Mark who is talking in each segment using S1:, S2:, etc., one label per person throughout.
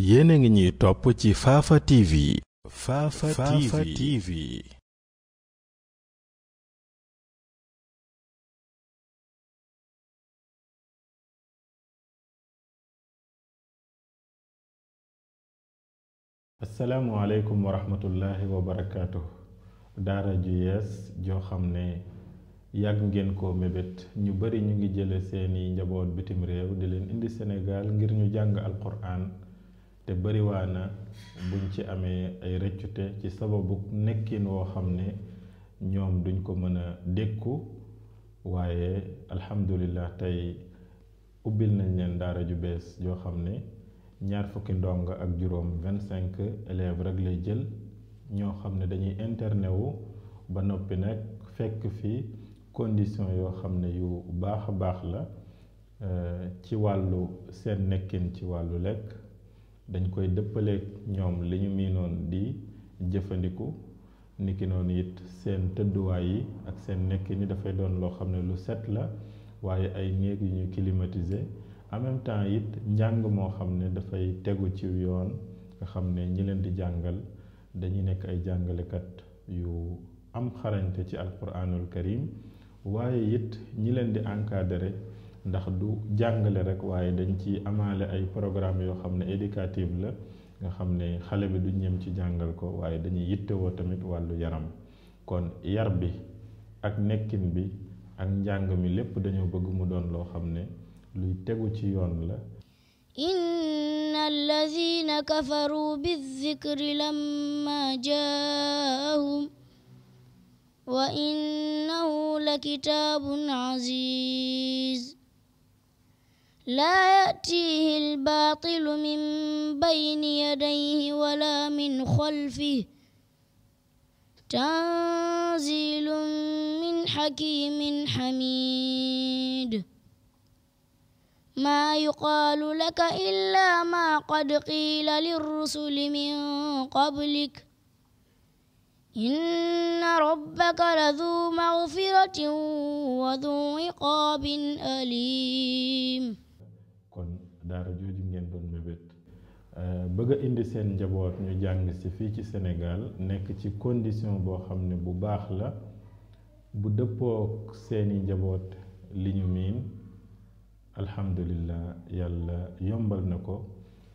S1: yéen a ngi ñuy topp ci Fafa TV. Fafa TV
S2: daara ju yees joo xam ne yàgg ngeen ko mébét ñu bari ñu ngi jële seeni njaboot bitim réew di leen indi Sénégal ngir ñu jàng Alqur'an. te bariwaa na buñ ci amee ay rëccute ci sababu nekkin woo xam ne ñoom duñ ko mën a dékku waaye alhamdulillah tey ubbil nañ leen daara ju bees yoo xam ne ñaar fukki ndongo ak juróom vingt cinq élèves rek lay jël ñoo xam ne dañuy interné wu ba noppi nag fekk fi condition yoo xam ne yu baax a baax la euh, ci wàllu seen nekkin ci wàllu lekk dañ koy dëppaleek ñoom li ñu miinoon di jëfandiku nikinoon it seen tëdduwaay yi ak seen nekk ni dafay doon loo xam ne lu set la waaye ay néeg yu ñu climatiser en même temps it njàng moo xam ne dafay tegu ci yoon nga xam ne ñi leen di jàngal dañuy nekk ay jàngalekat yu am xarañte ci alquranul karim waaye it ñi leen di encadrer ndax du jàngale rek waaye dañ ci amaale ay programme yoo xam ne éducative la nga xam ne xale bi du ñem ci jàngal ko waaye dañuy yittewoo tamit wàllu yaram kon yar bi ak nekkin bi ak njàng mi lépp dañoo bëgg mu doon loo xam ne luy tegu ci yoon la
S3: inna allazina kafaru bizikri lamma jaahum wa innahu la kitaabun aziz لا يأتيه الباطل من بين يديه ولا من خلفه تنزيل من حكيم حميد ما يقال لك إلا ما قد قيل للرسل من قبلك إن ربك لذو مغفرة وذو عقاب
S1: أليم
S2: daara jooju ngeen doon mébét euh, bëgg a indi seen njaboot ñu jàng si fii ci Sénégal nekk ci condition boo xam ne bu baax la bu dëppook seeni njaboot li ñu miin alhamdulillah yàlla yombal na ko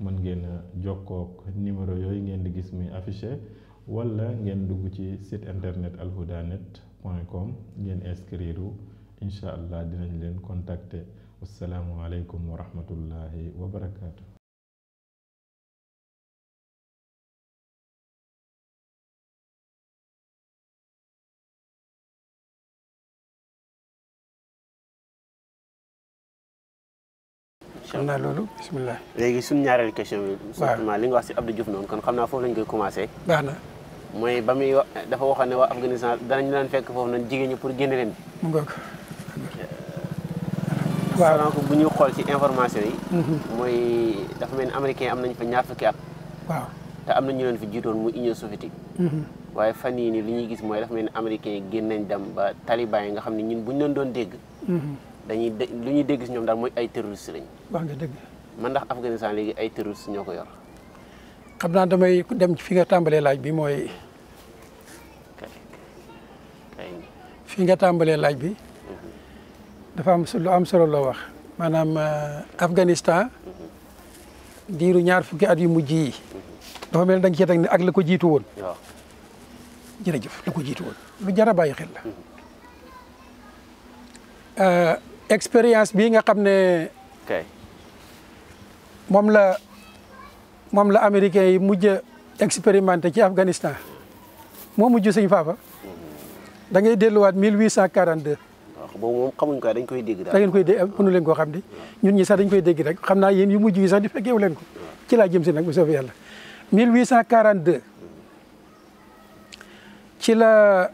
S2: mën ngeen jokkook numéro yooyu ngeen di gis muy affiché walla ngeen dugg ci site internet alhudanet point com ngeen inscrire incha allah dinañ leen contacter wasalaamualeykum wa rahmatullahi wa barakaatu.
S1: xam naa loolu bisimilah. léegi suñu ñaareelu question bi.
S3: surtout li nga wax si Abdou Diouf noonu kon xam naa foofu lañ koy commencé. baax na mooy ba muy dafa waxoon ne waa Afghanistan danañ leen fekk foofu noonu jigéen ñi pour génne leen. mu ngoog waaw Sonacos bu ñu xool ci information yi. Mhm. mooy dafa mel ni américain am nañ fa ñaar fukki at. waaw te am na ñu leen fi jiitoon mu Union soviétique. Mhm. waaye fan yii nii li ñuy gis mooy dafa mel ni américain yi génn nañ dem ba taliban yi nga xam ne ñun bu ñu leen doon dégg. Mhm. dañuy dé lu ñuy dégg si ñoom daal mooy ay terroriste lañ. wax nga dëgg. man ndax Afghanistan léegi ay terroriste ñoo ko yor.
S4: xam naa damay dem fi nga tàmbalee laaj bi mooy. fi nga tàmbalee laaj bi. dafa am lu am solo loo wax maanaam euh, Afghanistan diiru ñaar fukki at mujj yi dafa mel ne da nga cee teg ne ak la ko jiitu woon. waaw jërëjëf la ko jiitu woon lu jar a bàyyi xel la. Euh, expérience bii nga xam ne. kay moom la moom la américain yi mujj a expérimenté ci Afghanistan moo mujj sëñ faafa mhm. da ngay delluwaat 1842.
S3: boobu moom xamuñ ko dañ koy dégg daal da ngeen
S4: koy dégg mënu leen koo xam di ñu ñi sax dañ koy dégg rek xam naa yéen yu mujj yi sax di fekk yow leen ko ci laa jëm si nag bu soobee yàlla 1842 ci la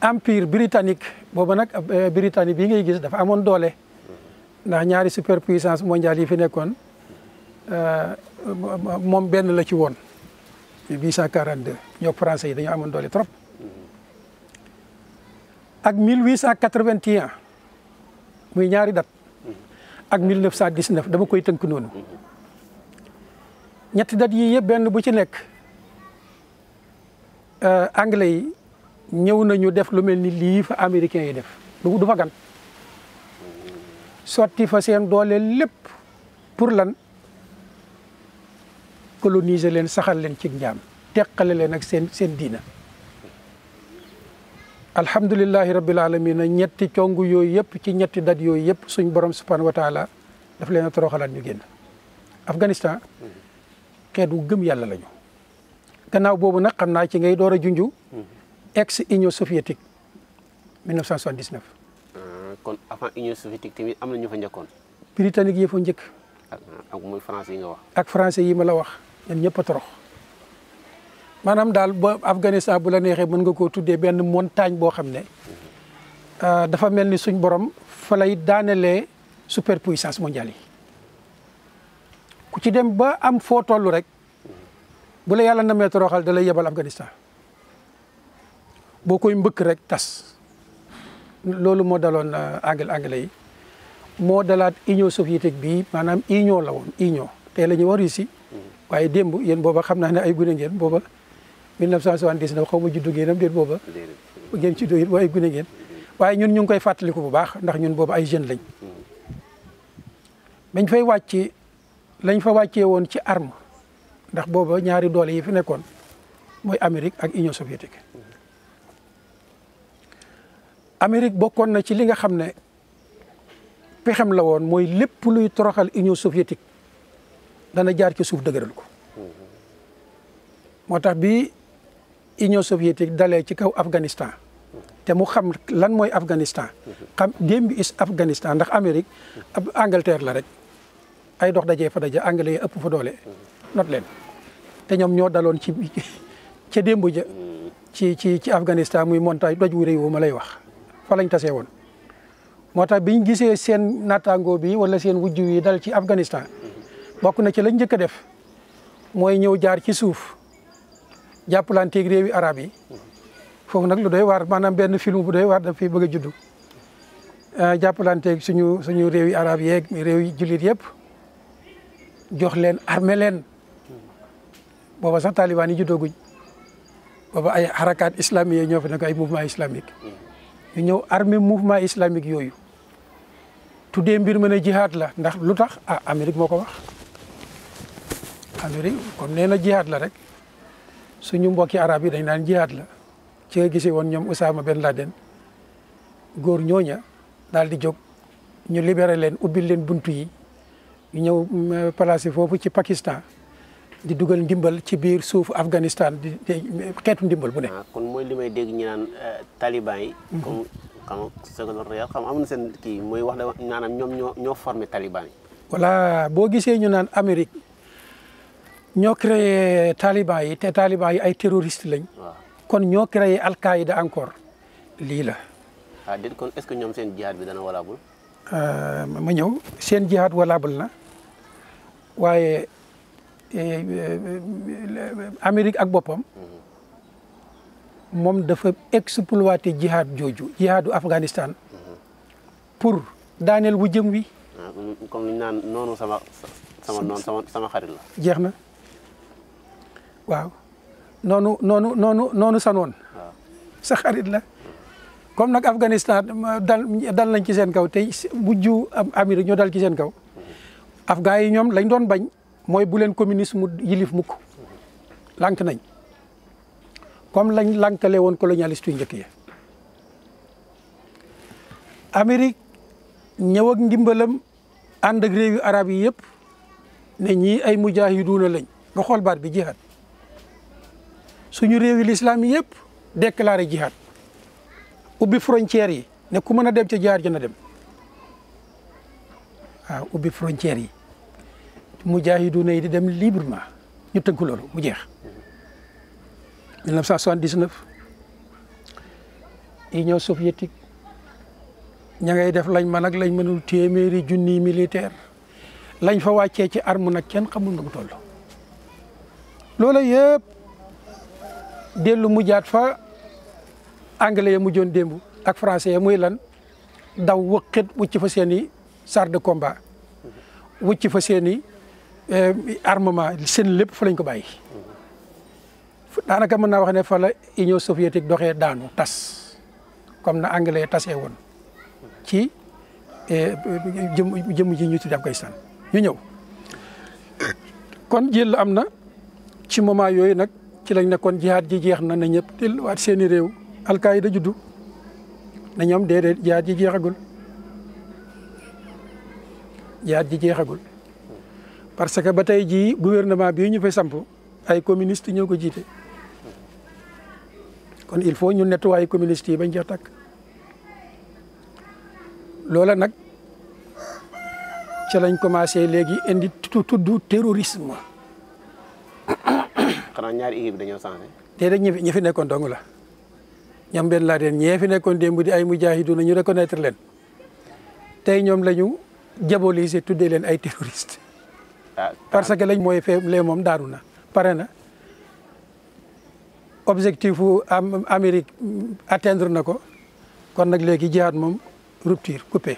S4: empire britannique booba nag euh, britannique bii ngay gis dafa amoon doole ndax ñaari superpuissance mondiale yi fi nekkoon euh, moom benn la ci woon 1842 ñoo français yi dañoo amoon doole trop ak 1881 muy ñaari dat ak mille 1919 dama koy tënk noonu ñetti dat yi yëpp benn bu ci nekk euh, anglais yi ñëw nañu def lu mel ni lii fa américains yi def du fa gan sotti fa seen doole lépp pour lan coloniser leen saxal leen ci njaam teqale leen ak seen seen diina alhamdulilahi rabbil alamina ñetti cong yooyu yëpp ci ñetti dat yooyu yëpp suñ borom subhanahu wa taala daf leen a ñu génn Afghanistan xeet wu gëm yàlla lañu. gannaaw boobu nag xam naa ci ngay door a junj. ex Union soviétique 1979.
S3: Ah, kon avant Union soviétique tamit am na ñu fa njëkkoon.
S4: britannique yi fa njëkk.
S3: Ah, ak ak muy français
S4: yi nga wax. ak français yi ma la wax ñun ñëpp a maanaam daal ba Afghanistan bu la neexee mën nga koo tuddee benn montagne boo xam ne euh, dafa mel ni suñ borom fa lay daanelee superpuissance mondiale yi ku ci dem ba am foo toll rek bu la yàlla namee toroxal da lay yebal Afghanistan boo koy mbëkk rek tas loolu moo daloon euh, anglais anglais yi moo dalaat union soviétique bi maanaam union la woon union te la ñuy wax si mm. waaye démb yéen booba xam naa ne ay gune ngeen 1979 xaw ma juddu ngeenam déet booba ngeen ci doyit waaye gune geen waaye ñun ñu ngi koy fàttaliku bu baax ndax ñun boobu ay jeunes lañ bañ fay wàcce lañ fa wàccee woon ci arm ndax booba ñaari doole yi fi nekkoon mooy Amérique ak Union soviétique Amérique bokkoon na ci li nga xam ne pexem la woon mooy lépp luy toroxal Union soviétique dana jaar ci suuf dëgëral ko moo tax bi Union soviétique dalee ci kaw Afghanistan te mu xam lan mooy Afghanistan xam démb is Afghanistan ndax Amérique ab Angleterre la rek ay dox dajee fa daje anglais yi ëpp fa doole not leen te ñoom ñoo daloon ci ca démb ja ci ci ci Afghanistan muy montagne doj wu rëy wu ma lay wax fa lañ tasee woon moo tax biñ gisee seen nattaangoo bi wala seen wujju yi dal ci Afghanistan bokk na ci lañ njëkk a def mooy ñëw jaar ci suuf jàppalanteeg réewi arab yi foofu nag lu doy waar maanaam benn film bu doy waar daf fi bëgg a juddu euh, jàppalanteeg suñu suñu réewi arab yeeg réewi jullit yëpp jox leen armé leen booba sax taliban yi juddooguñ booba ay harakat islamique ñoo fi nekk ay mouvement islamique ñu ñëw armé mouvement islamique yooyu tuddee mbir mën a jihaad la ndax lu tax ah Amérique moo ko wax Amérique comme nee na jihaad la rek suñu mbokki arab yi dañ naan jihaad la ci gise gisee woon ñoom Osama benn Laden góor ñooña daal di jóg ñu libéré leen ubbil leen buntu yi ñëw euh, placé foofu ci Pakistan di dugal ndimbal ci biir suufu Afghanistan di xeetu ndimbal bu ne. Ah,
S3: kon mooy li may dégg ñu naan euh, taliban yi. Mhm. comme xam kii mooy wax ne maanaam ñoom ñoo ñoo formé taliban yi.
S4: voilà boo gisee ñu naan Amérique. ñoo créé taliban yi te taliban yi ay terroriste lañ. kon ñoo créé alqaïda encore lii la.
S3: ah kon est-ce que ñoom seen jihad bi dana valable.
S4: Euh, ma ñëw seen jihad valable na waaye eh, eh, Amérique ak boppam. Mm-hmm. moom dafa exploité jihad jooju jihadu Afghanistan. pour daaneel wu jëm wi.
S3: Ah, comme li ñu naan noonu sama noonu sama sama xarit la.
S4: jeex na. waaw noonu noonu noonu noonu sanoon ah. sa xarit la comme nag Afghanistan dal dal nañ ci seen kaw tey mujj amir ñoo dal ci seen kaw mm-hmm. afghans yi ñoom lañ doon bañ mooy bu leen communiste mu yilif mukk mm-hmm. lank nañ comme lañ lànkale woon colonialiste yu njëkk yi Amérique ñëw ak ndimbalam ànd ak réew yu arab yi yëpp ne ñii ay yu mujaahiduuna lañ nga xool baat bi jihaad suñu réewi lislaam yi yëpp déclaré jihad ubbi frontières yi ne ku mën a dem ca jaar jën a dem waaw ubbi frontières yi mujaahiduuna yi di dem librement ñu tënk loolu mu jeex 1979 Union soviétique ña ngay def lañ man ak lañ mënul téeméeri junni militaire lañ fa wàccee ci arme nag kenn xamul nu mu toll loola yëpp dellu mujjaat fa anglais ya mujjoon démb ak français ya muy lan daw wëqit wucc fa seeni i char de combat wucc fa seen i eh, armement seen lépp fa lañ ko bàyyi daanaka mën naa wax ne fa la Union soviétique doxee daanu tas comme na anglais tasee woon ci eh, jëm jëm ji ñu tudd Afghanistan ñu ñëw kon jël am na ci moment yooyu nag ci lañ nekkoon jihaad ji jeex na na ñëpp delluwaat seeni réew alkaayida juddu na ñoom déedéet jihaad ji jeexagul jihaad ji jeexagul parce que ba tey jii gouvernement bii ñu fay samp ay communist ñëw ko jiite kon il faut ñu nettoyer communiste yi bañ jeex takk loola nag ca lañ commencé léegi indi tudd terrorisme
S3: xanaa ñaari équipe dañoo changé.
S4: tey rek ñi fi nekkoon dong la ñoom benn laa deen ñee fi nekkoon démb di ay mujaahiduuna ñu reconnaître leen tey ñoom la ñu diaboliser tuddee leen ay terroristes. Ah, parce que lañ mooy fee lee moom daaru na pare na objectif fu am Amérique atteindre na ko kon nag léegi jihaad moom rupture coupé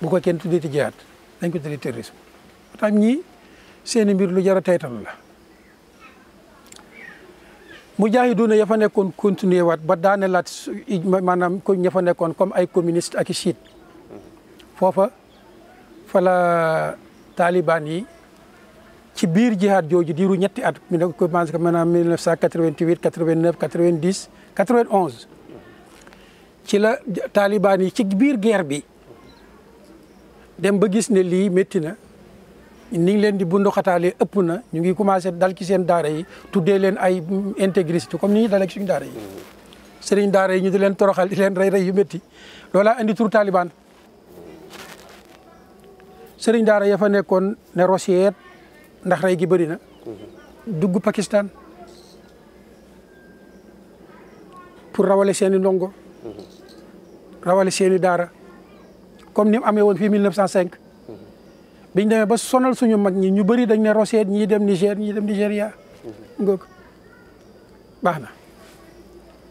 S4: bu ko kenn tuddee ci jihaad dañ ko tuddee terrorisme moo tax ñii mbir lu jar a teytal la. mujaahiduuna ya fa nekkoon continuer waat ba daane laat maanaam ña fa nekkoon comme ay communiste ak i siit foofa fala la taalibaan yi ci biir jihaad jooju diiru ñetti at mi ne commencé ko maanaam 1988 89 90 91 ci la taalibaan yi ci biir guerre bi dem ba gis ne lii métti na ni leen di bundu xataalee ëpp na ñu ngi commencé dal ci seen daara yi tuddee leen ay intégriste comme ni ñuy dalee suñu daara yi. sëriñ daara yi ñu di leen toroxal di leen rey rey yu métti loola andi tur Taliban sëriñ daara ya fa nekkoon ne Rossiet ndax rey gi bëri na. dugg Pakistan pour rawale seeni ndongo. rawale seeni daara comme ni mu amee woon fii 1905. biñ demee ba sonal suñu mag ñi ñu bëri dañ ne Roseet ñii dem Niger ñii dem Nigéria. Mhm. ngoog baax na.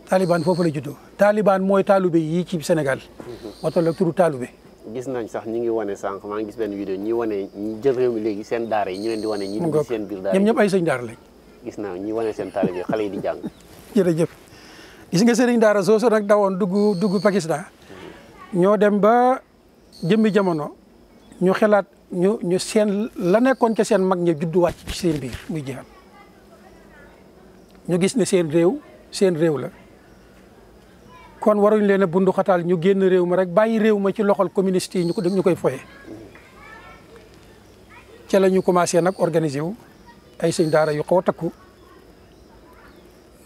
S4: Taliban foofu la juddoo Taliban mooy taalube yii ci senegal mhm. moo tax la turu taalube.
S3: gis nañ sax ñi ngi wane sànq maa ngi gis benn vidéo ñi wane ñi jël réew mi léegi seen daara yi ñu leen di wane. ñi dugg seen biir daara ñoom ay sëñ daara lañ. gis naa ñi wane seen taalube xale yi di jàng.
S4: jërëjëf gis nga sëriñ daara soosu nag dawoon dugg dugg Pakistan. Mhm. ñoo dem ba jëmmi jamono ñu xelaat. ñu ñu seen la nekkoon ca seen mag ña juddu wàcc ci seen biir muy jihaad ñu gis ne seen réew seen réew la kon waruñ leen a bunduxataal ñu génn réew ma rek bàyyi réew ma ci loxol communiste yi ñu ko ñu koy foye ca lañu ñu commencé nag organiser wu ay suñ daara yu xaw a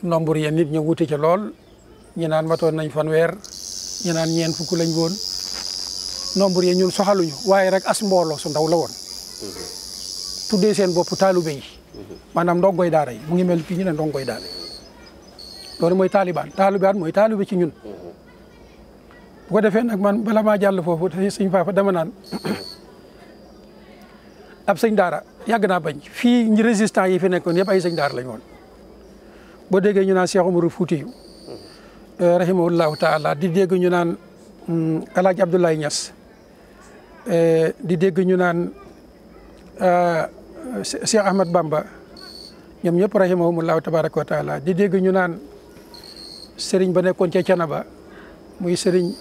S4: nombre ya nit ñu wuti ca lool ñu naan matoon nañ fanweer ñu naan ñeent fukk lañ woon nombre yi ñun soxaluñu waaye rek as mbooloo su ndaw la woon. dee seen boppu taalube yi. maanaam ndongoy daara daaray mu ngi mel fii ñu ne ndongoy daara yi loolu mooy taalibaan taalibaan mooy taalube ci ñun. bu defee nag man bala maa jàll foofu te sëñ Fafa dama naan ab sëñ daara yàgg naa bañ fii ñi résistant yi fi nekkoon yëpp ay sëñ daara lañ woon. boo déggee ñu naan Cheikh Oumar Fouti
S1: mm-hmm.
S4: euh, rahimahullahu taala di dégg ñu naan mm, El Hadj Abdoulaye Niass Eh, di dégg ñu naan ah, Cheikh Ahmad Bamba ñoom ñëpp rahimahumullahu tabaraka wa taala di dégg ñu naan sëriñ ba nekkoon ca Canaba muy sëriñ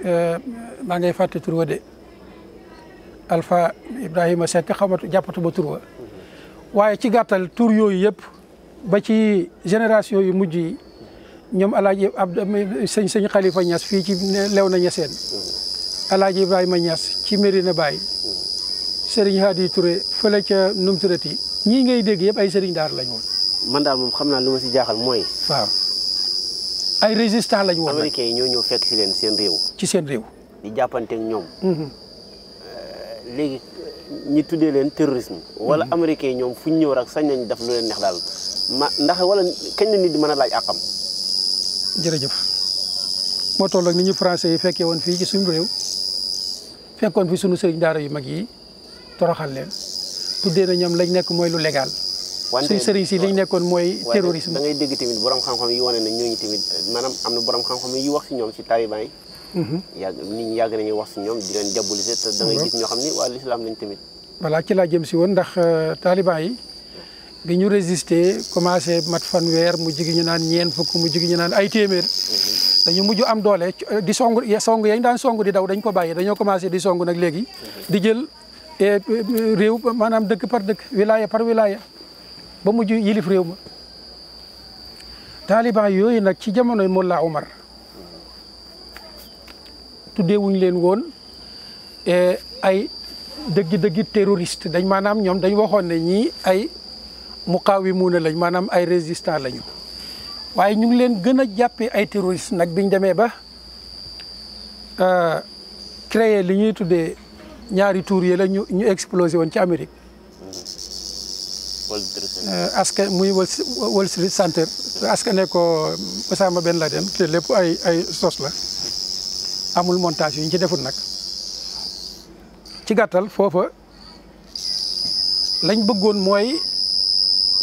S4: eh, maa ngay fàtte tur wa de Alpha Ibrahima Seck xamatu jàppatuma tur wa waaye ci gàttal tur yooyu yëpp ba ci génération yu mujj yi ñoom alaaji ab sëñ sëñ Xalifa Ñas fii ci Léona Ñaseen Alaaji ma Niass ci Médina Baye sëriñ Hadi Touré fële ca nu mu tuddati ñii ngay dégg yëpp ay sëriñ Daara lañ woon.
S3: man daal moom xam naa lu ma si jaaxal mooy. waaw ay résistants lañ woon. américains yi ñoo ñëw fekk leen seen réew. ci seen réew. di jàppanteeg ñoom. Mhm. Euh, léegi ñi tuddee leen terrorisme. wala mhm. américains yi ñoom fu ñu ñëw rek sañ nañ def lu leen neex daal ndax wala kañ
S4: la nit di mën a laaj àqam. jërëjëf moo toll ak ni ñu français yi fekkee woon fii ci suñu réew. fekkoon fi sunu sëriñ daara yu mag yi toroxal leen tuddee na ñoom lañ nekk mooy lu légal. te suñ sëriñ si liñ nekkoon mooy terrorisme. da ngay
S3: dégg tamit borom xam-xam yi wane na ñooñu tamit maanaam am na borom xam-xam yi wax si ñoom si taliban yi. Mhm. yàgg nit ñi yàgg nañu wax si ñoom di leen diaboliser te da ngay ñoo xam ni waa lislaam lañ tamit.
S4: voilà ci laa jëm si woon ndax euh, taliban yi. bi ñu résister commencé mat fanweer mu jig ñu naan ñeen fukk mu jigi ñu naan ay téeméer
S1: mhm.
S4: dañu mujj am doole euh, di song song yañ daan song di daw dañ ko bàyyi dañoo commencé di song nag léegi mhm. di jël euh, réew maanaam dëkk par dëkk wilaya par wilaya ba mujj yilif réew ma taaliban yooyu nag ci jamonoy Molla Omar tuddeewuñ leen woon eh, ay dëggi-dëggi terroriste dañ maanaam ñoom dañ woxoon ne ñii ay mu muqaawimuuna lañ maanaam ay résistants lañu waaye ñu ngi leen gën a jàppee ay terroristes nag biñ demee ba euh, créer li ñuy tuddee ñaari tour yi la ñu ñu explosé woon ci Amérique. aska muy Wall Street Center euh, askane ko benn Ben Laden te lépp ay ay sos la amul montage yu ñu ci deful nag ci gàttal foofa lañ bëggoon mooy.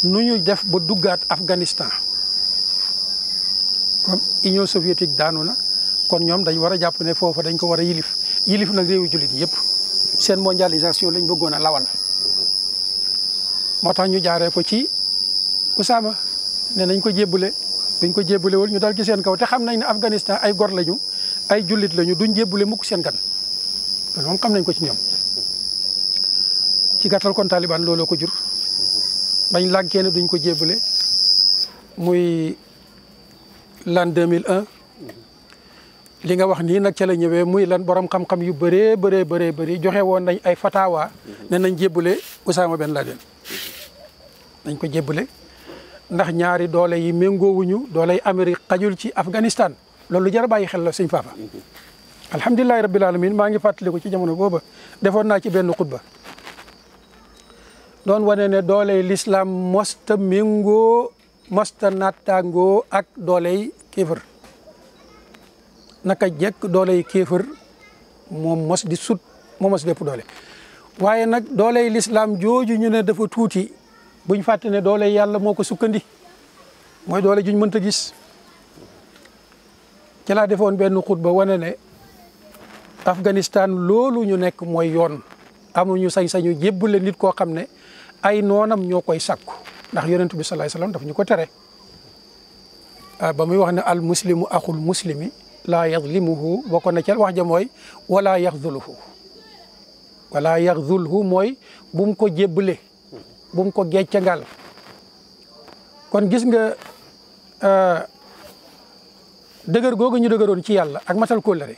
S4: nu ñu def ba duggaat Afghanistan comme Union soviétique daanu na kon ñoom dañ war a jàpp ne foofa dañ ko war a yilif yilif nag réewu jullit yëpp seen mondialisation lañ bëggoon a lawal moo tax ñu jaaree ko ci Usaama ne nañ ko jébbale dañ ko jébbalewul ñu dal ci seen kaw te xam nañ ne Afghanistan ay gor lañu ay jullit lañu duñ jébbale mukk seen gan moom xam nañ ko ci ñoom ci gàttal kon Taliban looloo ko jur. bañ lànkee ne duñ ko jébbale muy l'an 2001 li nga wax nii nag ca la ñëwee muy lan borom xam-xam yu bëree bëree bëree bëri joxe woon nañ ay fatawa ne nañ jébbale Oussama Ben Laden dañ ko jébbale ndax ñaari doole yi méngoowuñu doole yi Amérique xajul ci Afghanistan loolu jar bàyyi xel la sëñ Fafa alhamdulilahi rabbil alamin maa ngi fàttaliku ci jamono booba defoon naa ci benn xutba doon wane ne dooley lislaam mosta méngoo mosta nattangoo ak dooley kéefër naka jekk yi kéefër moom mos di sut moo mos lépp doole waaye nag yi lislaam jooju ñu ne dafa tuuti buñ fàtte ne dooley yàlla moo ko sukkandi mooy doole juñ mënta gis ci laa defoon benn xutba wane ne Afghanistan loolu ñu nekk mooy yoon amuñu sañ-sañu jébbale nit koo xam ne ay noonam ñoo koy sàkku ndax yonent bi salaay salaam daf ñu ko tere ah, ba muy wax ne al muslimu axul muslimi laa yazlimuhu bokkoon na ca wax ja mooy wala yaxzuluhu wala yaxzulhu mooy bum mu ko jébbale bu mu ko geccangal kon gis nga ah, dëgër googu ñu dëgëroon ci yàlla ak matal kóllëre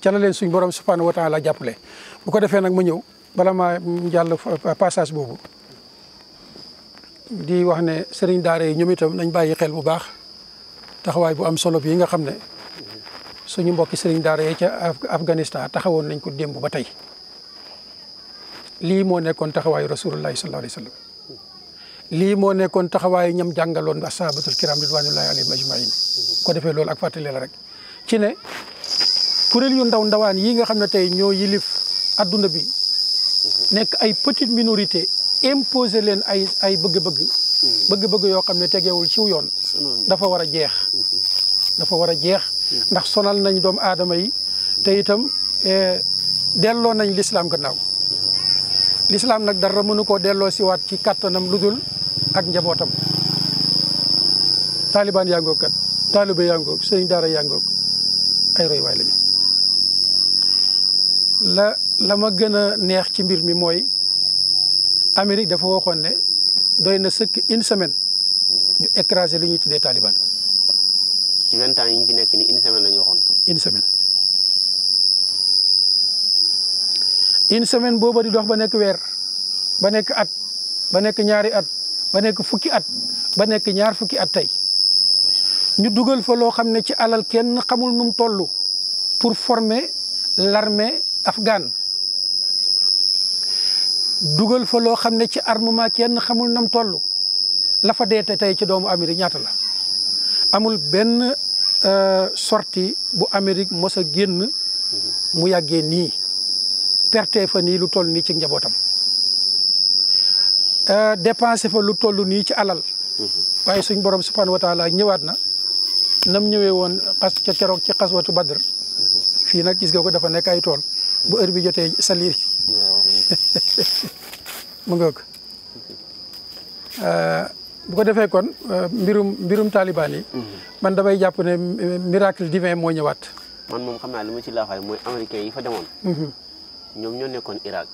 S4: ca la leen suñ borom subhanahu wa taala jàppale bu ko defee nag ma ñëw bala maa jàll passage boobu di wax ne sëriñ daara yi ñoom itam nañ bàyyi xel bu baax taxawaay bu am solo bi nga xam ne suñu mbokki sëriñ daara yi ca Afghanistan taxawoon nañ ko démb ba tey lii moo nekkoon taxawaay rasulullahi sallallahu alayhi wa sallam lii moo nekkoon taxawaayu ñam jàngaloon ashabatul kiram ridwanullahi alayhim ajmain ko defee lool ak fàttali la rek ci ne kuréel yu ndaw ndawaan yi nga xam ne tey ñoo yilif adduna bi nekk ay petite minorité imposer leen ay ay bëgg-bëgg. Hmm. bëgg-bëgg yoo xam ne tegewul ci yoon. dafa war a jeex. Hmm. dafa war a jeex hmm. ndax sonal nañ doomu aadama yi te itam eh, delloo nañ lislaam gannaaw lislaam nag dara mënu koo delloo siwaat ci kattanam lu dul ak njabootam taalibaan yaa ngoog kat taalibe yaa ngoog daara yaa ay roy waay la ma gën a neex ci mbir mi mooy Amérique dafa waxoon ne doy na sëkk une semaine ñu écraser li ñuy tuddee Taliban.
S3: ci vingt ans yi ñu fi nekk ni une semaine la waxoon.
S4: une semaine. une semaine booba di dox ba nekk weer ba nekk at ba nekk ñaari at ba nekk fukki at ba nekk ñaar fukki at tey ñu dugal fa loo xam ne ci alal kenn xamul nu mu toll pour former l'armée afghane dugal fa loo xam ne ci armement kenn xamul nam toll la fa te tey ci doomu Amérique ñaata la amul benn euh, sorti bu Amérique mos a génn mu yàggee nii perte fa nii lu toll nii ci njabootam euh, dépensé fa lu toll nii ci alal waaye suñ borom subhanahu wa taala ñëwaat na nam ñëwee woon xas ca keroog ci xaswatu badr fii nag gis nga ko dafa nekk ay tool bu heure bi jotee salir mu ngoog euh, bu ko defee kon euh, mbirum mbirum taliban yi. Mm-hmm. man damay jàpp ne euh, miracle divin moo ñëwaat. man moom xam naa li ma ci
S3: laafaale mooy américain yi fa demoon. Mm-hmm. ñoom ñoo nekkoon Irak.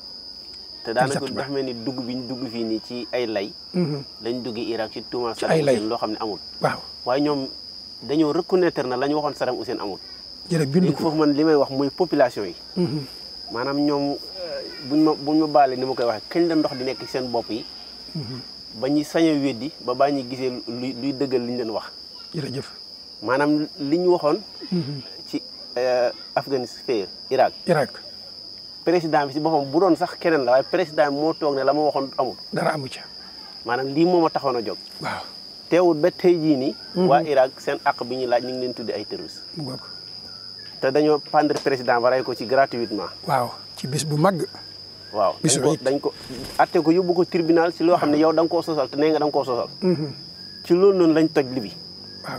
S3: te daanaka dafa mel ni dugg bi ñu dugg fii nii ci ay lay. Mm-hmm. lañ dugg Irak ci tuuma. ci ay lay loo xam ne amul. waaw waaye ñoom dañoo reconnaître na lañu waxoon Saddam Hussein amul. jërëjëf bindu ko foofu man li may wax muy population yi. maanaam ñoom buñ ma buñ baalee ni ma koy waxee kañ la ndox di nekk ci seen bopp yi. Mhm. ba ñuy sañ a weddi ba baa ñuy gisee luy luy dëggal li leen wax. jërëjëf maanaam li ñu waxoon. Mhm. ci euh, Afghanistan Irak. Irak président bi si boppam bu doon sax keneen la waaye président bi moo toog ne la ma waxoon amul. dara amu ca. maanaam lii moom ma taxoon a jóg. waaw teewul ba tey jii nii. Mhm. waa Irak seen aq bi ñuy laaj ñu ngi leen tuddi ay terroristes. te dañoo pendre président ba rey ko ci gratuitement.
S4: waaw ci bis bu mag.
S3: waaw dañ ko dañ ko atte ko yóbbu ko tribunal si loo xam ne yow da koo sosal te nee nga da nga koo sosal. Mhm. ci loolu noonu lañ toj li bi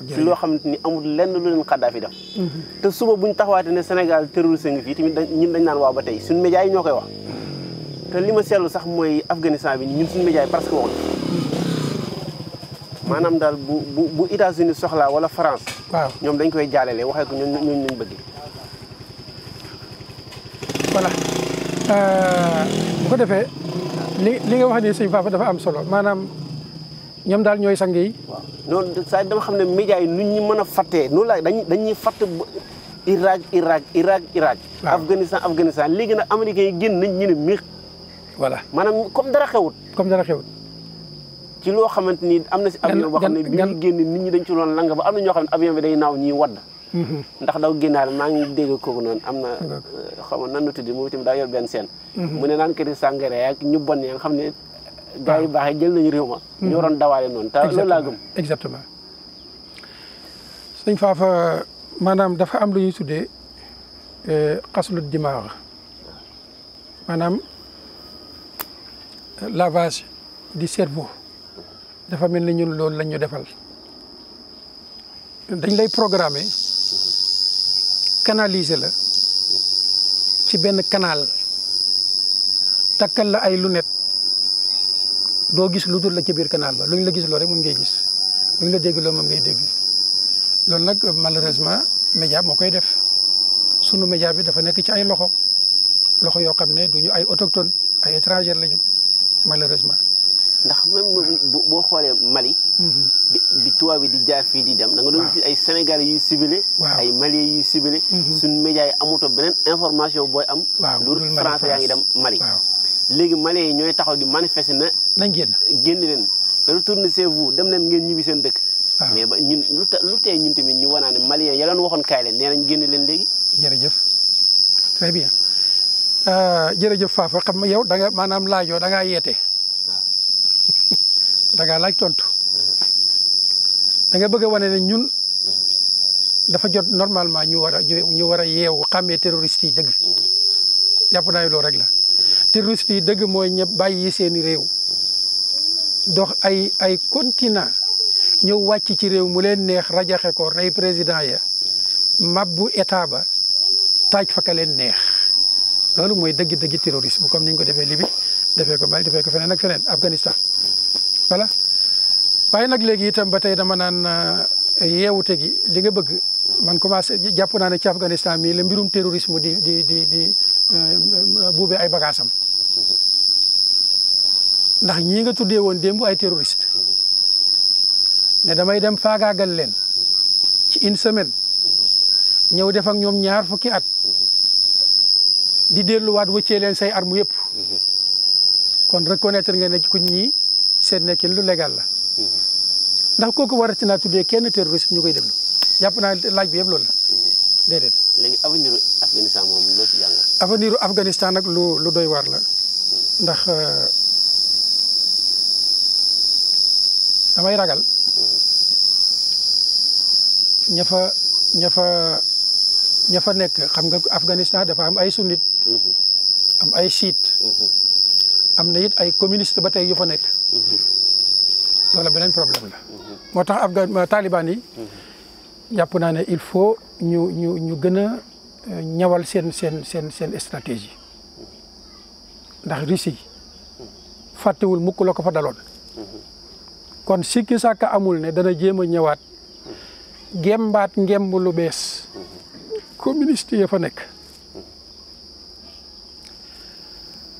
S3: ci loo xam ni amul lenn lu leen xaddaafi def mhm. te suba buñ taxawaatee ne Sénégal terroriste ngi fii tamit ñun dañ naan waaw ba tey suñu médias yi ñoo koy wax mhm. te li ma seetlu sax mooy Afghanistan bi ñun suñu médias yi parce que waxuñu maanaam daal bu bu bu États-Unis soxla wala France. waaw ñoom dañ koy jaalale waxee ko ñun ñun ñu bëgg.
S4: voilà euh, bu ko defee li li nga wax ni sëñ Papa dafa am solo maanaam ñoom daal ñooy sang yi.
S3: waaw noonu saa dama xam ne médias yi nu ñu mën a fàttee noonu la dañuy dañuy fàtte Irak Irak Irak Irak. Afghanistan Afghanistan léegi nag américains yi génn nañ ñi ne miix. voilà maanaam comme dara xewut. comme dara xewut. ci loo xamante ni am na si avion boo xam ne bi muy génn nit ñi dañ ci doon lang ba am na ñoo xam ne avion bi day naaw ñuy wadd mhm. ndax daw génnaar maa ngi dégg kooku noonu am na euh, xam nan la tuddi moom itam daa yor seen mhm. mu ne naan këri ak ñu bon ya nga xam ne ah. gars yi baaxee jël nañu réew ma mhm. ñu waroon dawaale noonu te loolu laa gëm
S4: exactement sëñ Fafa maanaam dafa am lu ñuy tuddee euh, xaslu dimaax maanaam euh, lavage di cerveau dafa mel ni ñun loolu la ñu defal dañ lay programmer canaliser la ci benn canal takkal la ay lunettes doo gis lu dul la ci biir canal ba lu ñu la gis loo rek moom ngay gis lu ñu la dégg loo moom ngay dégg loolu nag malheureusement média moo koy def sunu média bi dafa nekk ci ay loxo loxo yoo xam ne du ñu ay autochtone ay étranger lañu malheureusement
S3: ndax même boo xoolee Mali. di mhm. bi bi di jaar fii di dem. da nga ay sénégalais yuy ciblé. ay maliens yuy ciblé. Mhm. suñu médias yi amutoo beneen information booy am. lu français yaa ngi dem Mali. léegi mali yi ñooy taxaw di manifester na. nañ génn génn leen retourne chez vous dem leen ngeen ñibbi seen dëkk. mais ba ñun lu ta lu tee ñun tamit ñu wanaa ne maliens ya waxoon kaay leen nee nañ génn leen léegi.
S4: jërëjëf très bien euh, jërëjëf Fafa xam ma yow da maanaam laajoo da ngaa da laaj tontu danga nga bëgg a wane ne ñun dafa jot normalement ñu war a ñu war a yeewu xàmmee terroriste yi dëgg jàpp naa loolu rek la terroriste yi dëgg mooy ñëpp bàyyi seeni réew dox ay ay continent ñëw wàcc ci réew mu leen neex rajaxe ko rey président ya bu état ba taaj fa ka leen neex loolu mooy dëgg-dëgg terrorisme comme ni ñu ko defee Libye defee ko Mali defee ko feneen ak feneen Afghanistan masala waaye nag léegi itam ba tey dama naan eh, yeewute gi li nga bëgg man commencé jàpp naa ne ci Afghanistan mii la mbirum terrorisme di di di di eh, buubee ay bagaasam ndax ñii nga tuddee woon démb ay terroriste ne damay dem faagaagal leen ci une semaine ñëw def ak ñoom ñaar fukki at di delluwaat wëccee leen say arme yëpp mhm. kon reconnaître nga ne ku ñii seen nekkin lu légal la ndax kooku war ci naa tuddee kenn terroriste ñu koy déglu yàpp naa laaj bi yëpp loolu la déedéet léegi avenir Afghanistan
S3: moom loo ci jàngal
S4: avenir Afghanistan nag lu lu doy waar la ndax euh, damay ragal ña fa ña fa ña fa nekk xam nga Afghanistan dafa am ay sunnit mhm. am ay siit am na it ay communiste ba tey yu fa nekk loolu beneen problème la moo tax afghan taalibaan yi yàpp naa ne il faut ñu ñu ñu gën a euh, ñawal seen seen seen seen stratégie ndax Russie fàttewul mukk la ko fa daloon kon sikki sàkka amul ne dana jéem a ñëwaat gembaat ngemb lu bees communiste ya fa nekk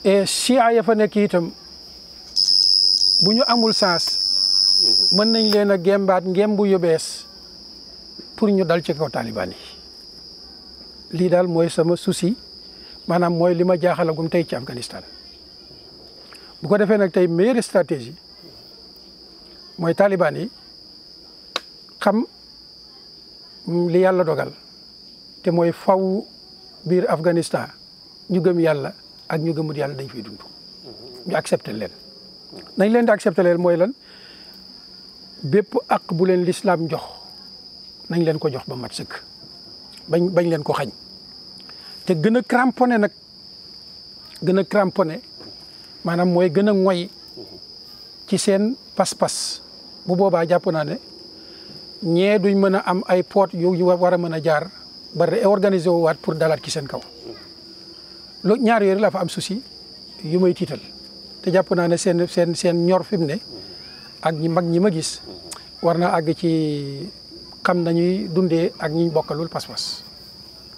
S4: et eh, chia ya fa nekk itam bu ñu amul sens mhm. mën nañ leen a gembaat ngem bu yu pour ñu dal ci kaw taliban yi lii daal mooy sama suusi maanaam mooy li ma jaaxalagum tey ci Afghanistan bu ko defee nag tey meilleure stratégie mooy taliban yi xam li yàlla dogal te mooy faw biir Afghanistan ñu gëm yàlla ak ñu gëmut yàlla dañ fay dund. ñu accepté leen. nañ leen di accepté leen mooy lan bépp ak bu leen lislaam jox nañ leen ko jox ba mat sëkk bañ bañ leen ko xañ te gën a cramponné nag gën a cramponné maanaam mooy gën a ngoy ci seen pas-pas bu boobaa jàpp naa ne ñee duñ mën a am ay poot yu war a mën a jaar ba réorganiser wu waat pour dalaat ci seen kaw lu ñaar yooyu laa fa am souci yu may tiital te jàpp naa ne seen seen seen ñor fim ne ak ñi mag ñi ma gis war na àgg ci xam nañuy dundee ak ñi bokkalul pas-pas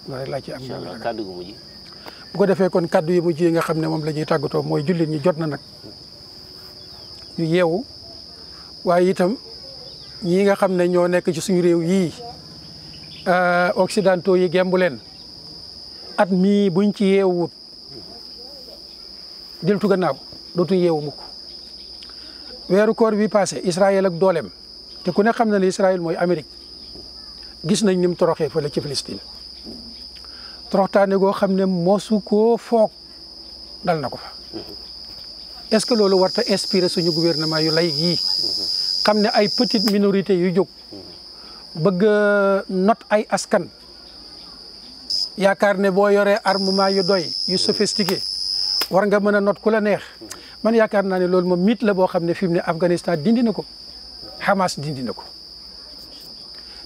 S4: loolu laa ci am. kàddu ko defee kon kàddu yi mujj yi nga xam ne moom lañuy ñuy tàggatoo mooy jullit ñi jot na nag ñu yeewu waaye itam ñii nga xam ne ñoo nekk ci suñu réew yii euh, occidentaux yi gembu leen. at mii buñ ci yeewut deltu gannaaw dootuñ yeewu mukk weeru koor bi passé Israël ak dooleem te ku ne xam na ne Israël mooy Amérique gis nañ nim mu toroxee fële ci Palestine toroxtaane goo xam ne mosu koo foog dal na ko fa est-ce que loolu war inspiré suñu gouvernement yu lay yii xam ne ay petite minorité yu jóg bëgg not ay askan yaakaar ne boo yoree armement yu doy yu sophistiqué war nga mën a not ku la neex man yaakaar naa ne loolu moom miit la boo xam ne fi mu ne Afghanistan dindi na ko Hamas dindi na ko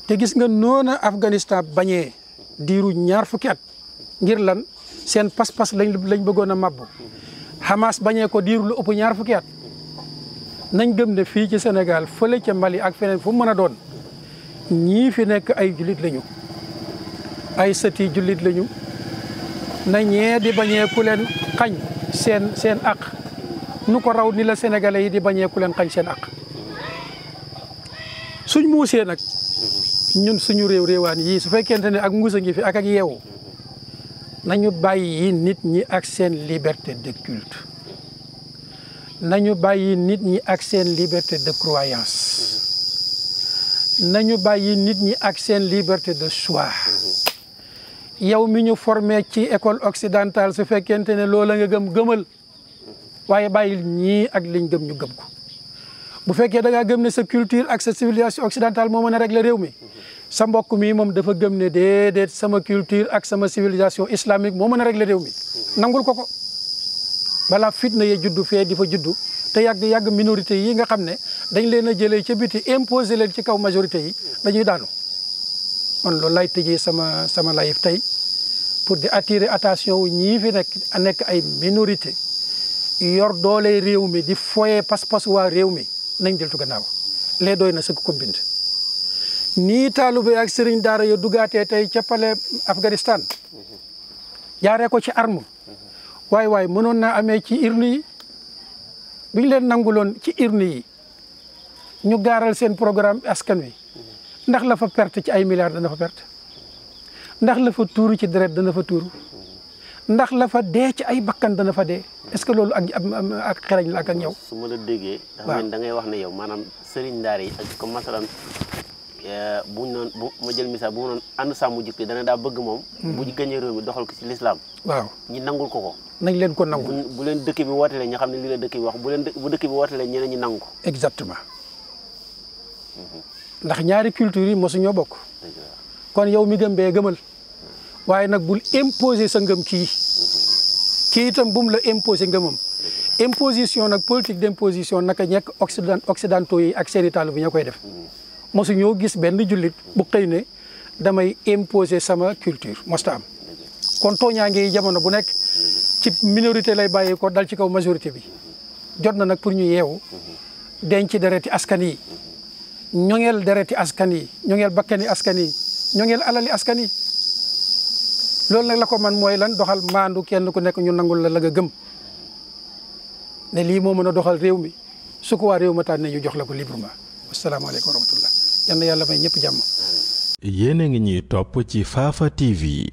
S4: te gis nga a Afghanistan bañee diiru ñaar fukki at ngir lan seen pas-pas lañ lañ bëggoon a mabbu Hamas bañee ko diiru lu ëpp ñaar fukki at nañ gëm ne fii ci Sénégal fële ca Mali ak feneen fu mën a doon ñii fi nekk ay julit lañu ay sëti jullit lañu na ñee di bañee ku leen xañ seen seen nu ko raw ni la sénégalais yi di bañee ku leen xañ seen aq suñ muusee nag ñun suñu réew réewaan yii su fekkente ne ak nguusa ngi fi ak ak yeewu nañu bàyyi nit ñi ak seen liberté de culte nañu bàyyi nit ñi ak seen liberté de croyance nañu bàyyi nit ñi ak seen liberté de choix yow mi ñu formé ci école occidentale su fekkente ne loola nga gëm gëmal waaye bàyyil ñii ak liñ gëm ñu gëm ko bu fekkee da ngaa gëm ne sa culture ak sa civilisation occidentale moo mën a régler réew mi sa mbokk mi moom dafa gëm ne déedéet sama culture ak sama civilisation islamique moo mën a régler réew mi nangul ko ko balaa fitna ye juddu fee di fa juddu te yàgg yàgg minorité yi nga xam ne dañ leen a jëlee ca biti imposé leen ci kaw majorité yi dañuy daanu man loolu lay tëjee sama sama layif tey pour di attirer attention wu ñii fi nekk nekk ay minorité yor doole réew mi di foyee pas-pas waa réew mi nañ deltu naaw lee dooy na sëkk ko bind nii taalibe ak sëriñ daara yo dugaatee tey ca pale Afghanistan jaaree ko ci arme waaye waaye mënoon naa amee ci urne yi bi ñu leen nanguloon ci urne yi ñu gaaral seen programme askan wi ndax la fa perte ci ay milliards dana fa perte ndax la fa tuuru ci deret dana fa tuuru ndax la fa dee ci ay bakkan dana fa dee est-ce que loolu ak ak xerañ la ak ak ñëw.
S3: su ma la déggee. waaw da ngay wax ne yow maanaam sëriñ daara yi ak comme masalan eh, bu ñu doon bu ma jël misaal bu ma ànd ànd sàmm jikko dana daa bëgg moom. Hmm. bu ñu gagné réew mi doxal ko ci lislaam waaw ñi nangul ko ko. nañ leen ko nangu bu leen dëkk bi wootelee ñu xam ne lii dëkk bi wax bu leen bu dëkk bi wootelee ñeneen ñi nangu ko. exactement.
S4: Hmm. ndax ñaari culture yi mosu bokk kon yow mi gëm bee gëmal waaye nag bul imposé sa ngëm kii kii itam bu mu la imposer ngëmam imposition nag politique imposition nag ñekk occident occidentaux yi ak seeni taalibe bi ñoo koy def mosu gis benn jullit bu xëy ne damay imposé sama culture mosta am kon tooñaa ngi jamono bu nekk ci minorité lay bàyyi ko dal ci kaw majorité bi jot na nag pour ñu yeewu denc dereti askan yi ñoŋeel dereti askan yi ñoŋeel bakkani askan yi ñoŋeel alali askan yi loolu nag la ko man mooy lan doxal maandu kenn ku nekk ñu nangul la laga nga gëm ne lii moo mën a doxal réew mi su ko waa réew ma tànn ñu jox la ko librement asalaamaaleykum wa rahmatullah yal yàlla may ñëpp jàmm.
S2: yéen a ngi ñuy topp ci Fafa TV.